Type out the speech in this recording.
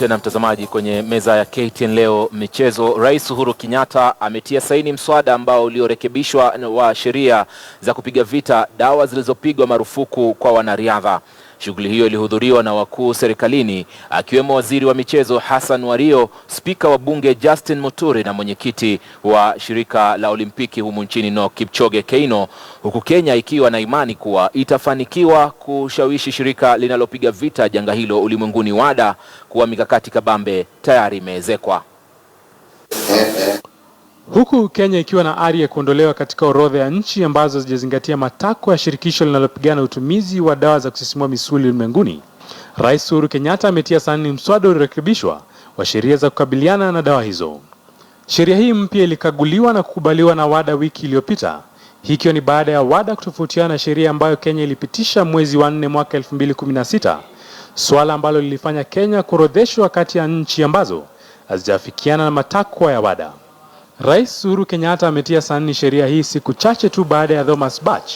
Tena mtazamaji, kwenye meza ya KTN leo michezo, Rais Uhuru Kenyatta ametia saini mswada ambao uliorekebishwa wa sheria za kupiga vita dawa zilizopigwa marufuku kwa wanariadha. Shughuli hiyo ilihudhuriwa na wakuu serikalini akiwemo waziri wa michezo Hassan Wario, spika wa bunge Justin Muturi na mwenyekiti wa shirika la Olimpiki humu nchini no Kipchoge Keino, huku Kenya ikiwa na imani kuwa itafanikiwa kushawishi shirika linalopiga vita janga hilo ulimwenguni WADA kuwa mikakati kabambe tayari imeezekwa. Huku Kenya ikiwa na ari ya kuondolewa katika orodha ya nchi ambazo hazijazingatia matakwa ya shirikisho linalopigana utumizi wa dawa za kusisimua misuli ulimwenguni, Rais Uhuru Kenyatta ametia saini mswada uliorekebishwa wa sheria za kukabiliana na dawa hizo. Sheria hii mpya ilikaguliwa na kukubaliwa na WADA wiki iliyopita, hikiwa ni baada ya WADA kutofautiana na sheria ambayo Kenya ilipitisha mwezi wa nne mwaka 2016, swala ambalo lilifanya Kenya kuorodheshwa kati ya nchi ambazo hazijafikiana na matakwa ya WADA. Rais Uhuru Kenyatta ametia saini sheria hii siku chache tu baada ya Thomas Bach